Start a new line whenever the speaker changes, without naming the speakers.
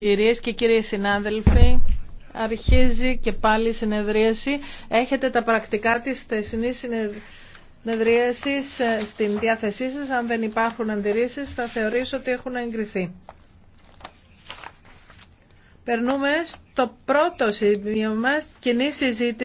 Κυρίε και κύριοι συνάδελφοι, αρχίζει και πάλι η συνεδρίαση. Έχετε τα πρακτικά της θεσινή συνεδρίασης ε, στην διάθεσή σας. Αν δεν υπάρχουν αντιρρήσει, θα θεωρήσω ότι έχουν εγκριθεί. Περνούμε στο πρώτο σημείο μα. κοινή συζήτηση.